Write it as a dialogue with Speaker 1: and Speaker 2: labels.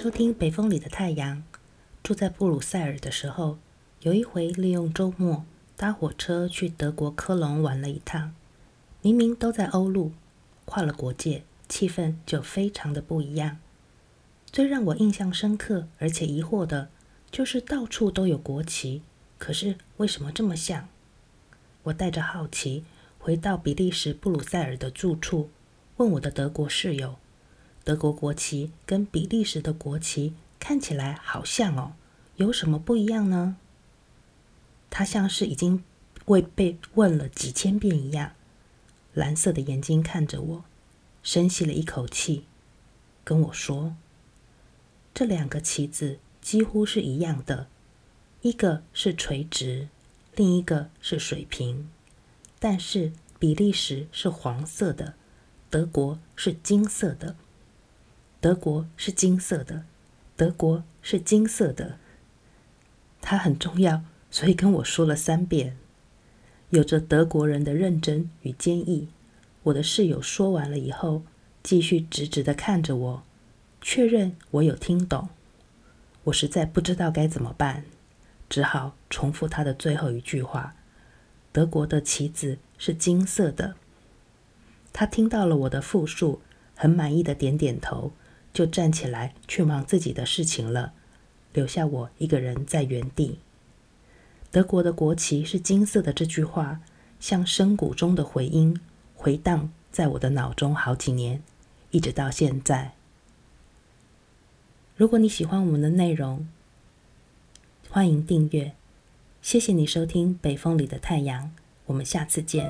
Speaker 1: 收聽北風裡的太陽。住在布魯塞爾的時候，有一回利用週末搭火車去德國科隆玩了一趟。明明都在歐陸，跨了國界，氣氛就非常的不一樣。最讓我印象深刻而且疑惑的，就是到處都有國旗，可是為什麼這麼像？我帶着好奇回到比利時布魯塞爾的住處，問我的德國室友。德國國旗跟比利時的國旗看起來好像哦，有什麼不一樣呢？她像是已經被被問了幾千遍一樣，藍色的眼睛看着我，深吸了一口氣，跟我說：“這兩個旗子幾乎是一樣的，一個是垂直，另一個是水平，但是比利時是黃色的，德國是金色的。”德國是金色的，德國是金色的，它很重要，所以跟我說了三遍。有着德國人的認真與堅毅，我的室友說完了以後，繼續直直的看着我，確認我有聽懂。我實在不知道該怎麼辦，只好重複他的最後一句話：“德國的旗子是金色的。”他聽到了我的複述，很滿意的點點頭。就站起來去忙自己的事情了，留下我一個人在原地。德國的國旗是金色的，這句話像深谷中的回音，回盪在我的腦中好幾年，一直到現在。如果你喜歡我們的內容，歡迎訂閱。謝謝你收聽《北風裡的太陽》，我們下次見。